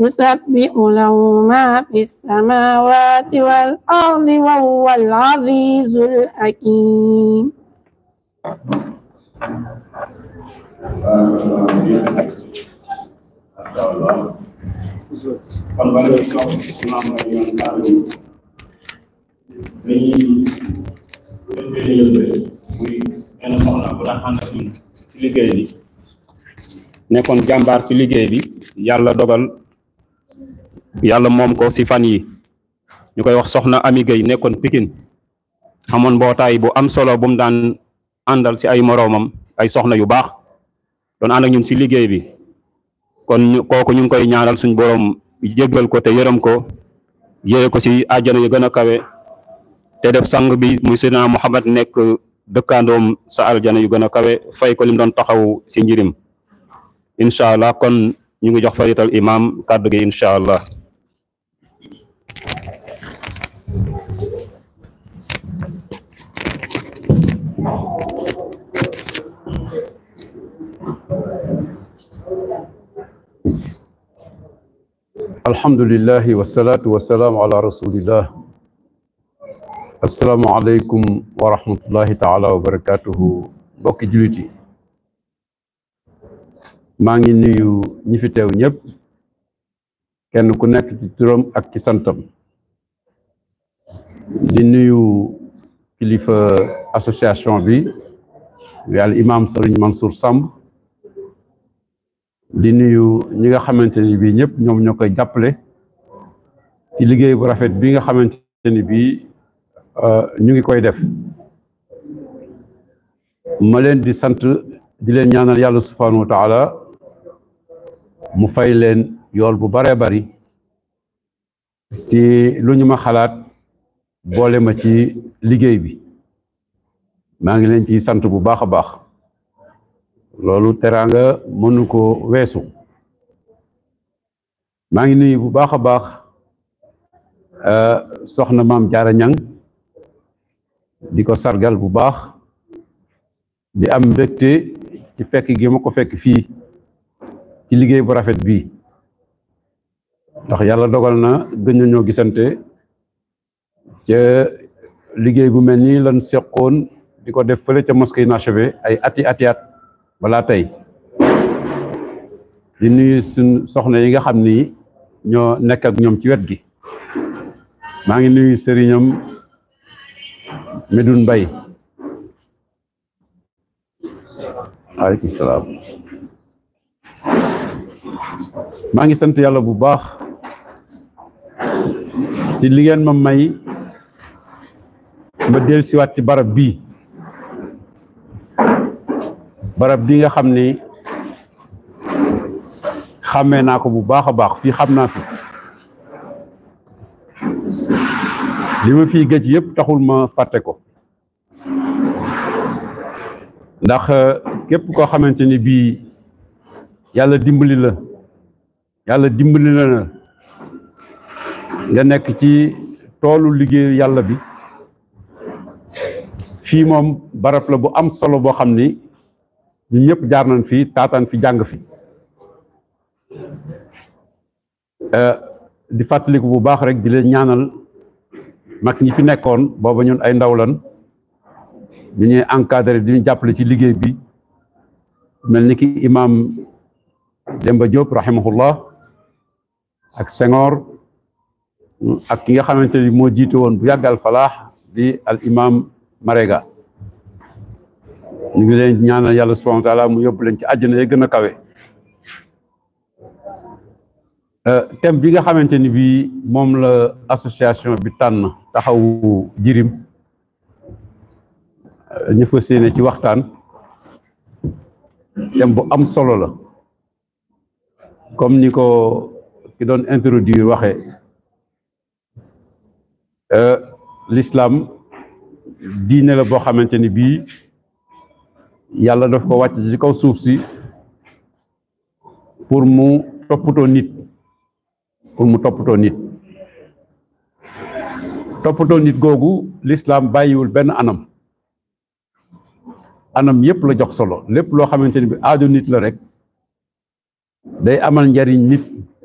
يسبح له ما في السماوات والأرض وهو العزيز الحكيم nekkoon jàmbaar ci liggéey bi yàlla dogal yàlla moom ko si fan yi ñu koy wax soxna Ami Gueye nekkoon Pikine amoon mbootaay bu am solo bu mu daan àndal si ay moroomam ay soxna yu baax doon ànd ak ñun si liggéey bi kon kooku ñu ngi koy ñaanal suñ borom jéggal ko te yërëm ko yéeye ko si àjjana yu gën a kawe te def sang bi muy Seydina Muhammad nekk dëkkaandoom sa aljana yu gën a kawe fay ko lim doon taxaw si njirim incha allah kon ñu ngi jox imam kàddu gi incha allah الحمد لله والصلاة والسلام على رسول الله السلام عليكم ورحمة الله تعالى وبركاته بوك جلتي ماني نيو نيفيتيو نيب كان كو نيك تي تروم اك تي سانتام بي ويال سرين منصور سامب di nuyu ñi nga xamante ni bii ñëpp ñoom ñoo koy jàppale ci liggéey bu rafet bii nga xamante ni bii euh, ñu ngi koy def ma leen di sant di leen ñaanal yàlla subhanahu wa taala mu fay leen yool bu baree bari ci lu ñu ma xalaat boole ma ci liggéey bi maa ngi leen ci sant bu baax a baax lolou teranga mënu ko weesu maa ngi nuyu bu baax euh soxna mam jaara ñang di sargal bu baax di am mbégte ci fekk gi mako fekk fi ci liggéey bu rafet bi. ndax yalla dogal na gëñu ñoo gisante ci liggéey bu melni lan seqoon di def fële ci mosquée Nachevé ay ati ati wala tay di nuyu sun soxna yi nga xamni ni ñoo nekk ak ñom ci wet gi ma ngi nuyu sëriñam medun bay alaykum salaam ma ngi sant yalla bu baax ci li ngeen ma may ma del ci barab bi barab bi nga xam ni xàmmee naa ko bu baax a baax fii xam naa fi li ma fiy gëj yépp taxul ma fàtte ko ndax euh, képp koo xamante ni bii yàlla dimbali la yàlla dimbali la nga nekk ci toolu liggéeyu yàlla bi fii moom barab la bu am solo boo xam ni yi yëpp jaar nañ fi taataan fi jàng fi eh, di fàttaliku bu baax rek di leen ñaanal mag ñi fi nekkoon booba ñun ay ndaw lan ñu ñuy encadré di ñu jàppale ci liggéey bi mel ni ki imam Demba Diop rahimahullah ak Senghor ak ki nga xamante ni moo jiite woon bu yàggal falaax di al imam Marega ñu ngi leen ñaanal yàlla subhanahu wa mu yóbbu ci àjjana ya gën a kawe euh, thème bi nga xamante ni bii moom la association bi tànn taxawu jirim euh, ñu fas yéene ci waxtaan thème bu am solo la comme ni ko ki doon introduire waxee euh, lislaam diine la boo xamante ni bii yàlla daf ko wàcc ci kaw suuf si pour mu toppatoo nit pour mu toppatoo nit toppatoo nit googu lislaam bàyyiwul benn anam anam yépp la jox solo lépp loo xamante ni bi aaju nit la rek day amal njariñ nit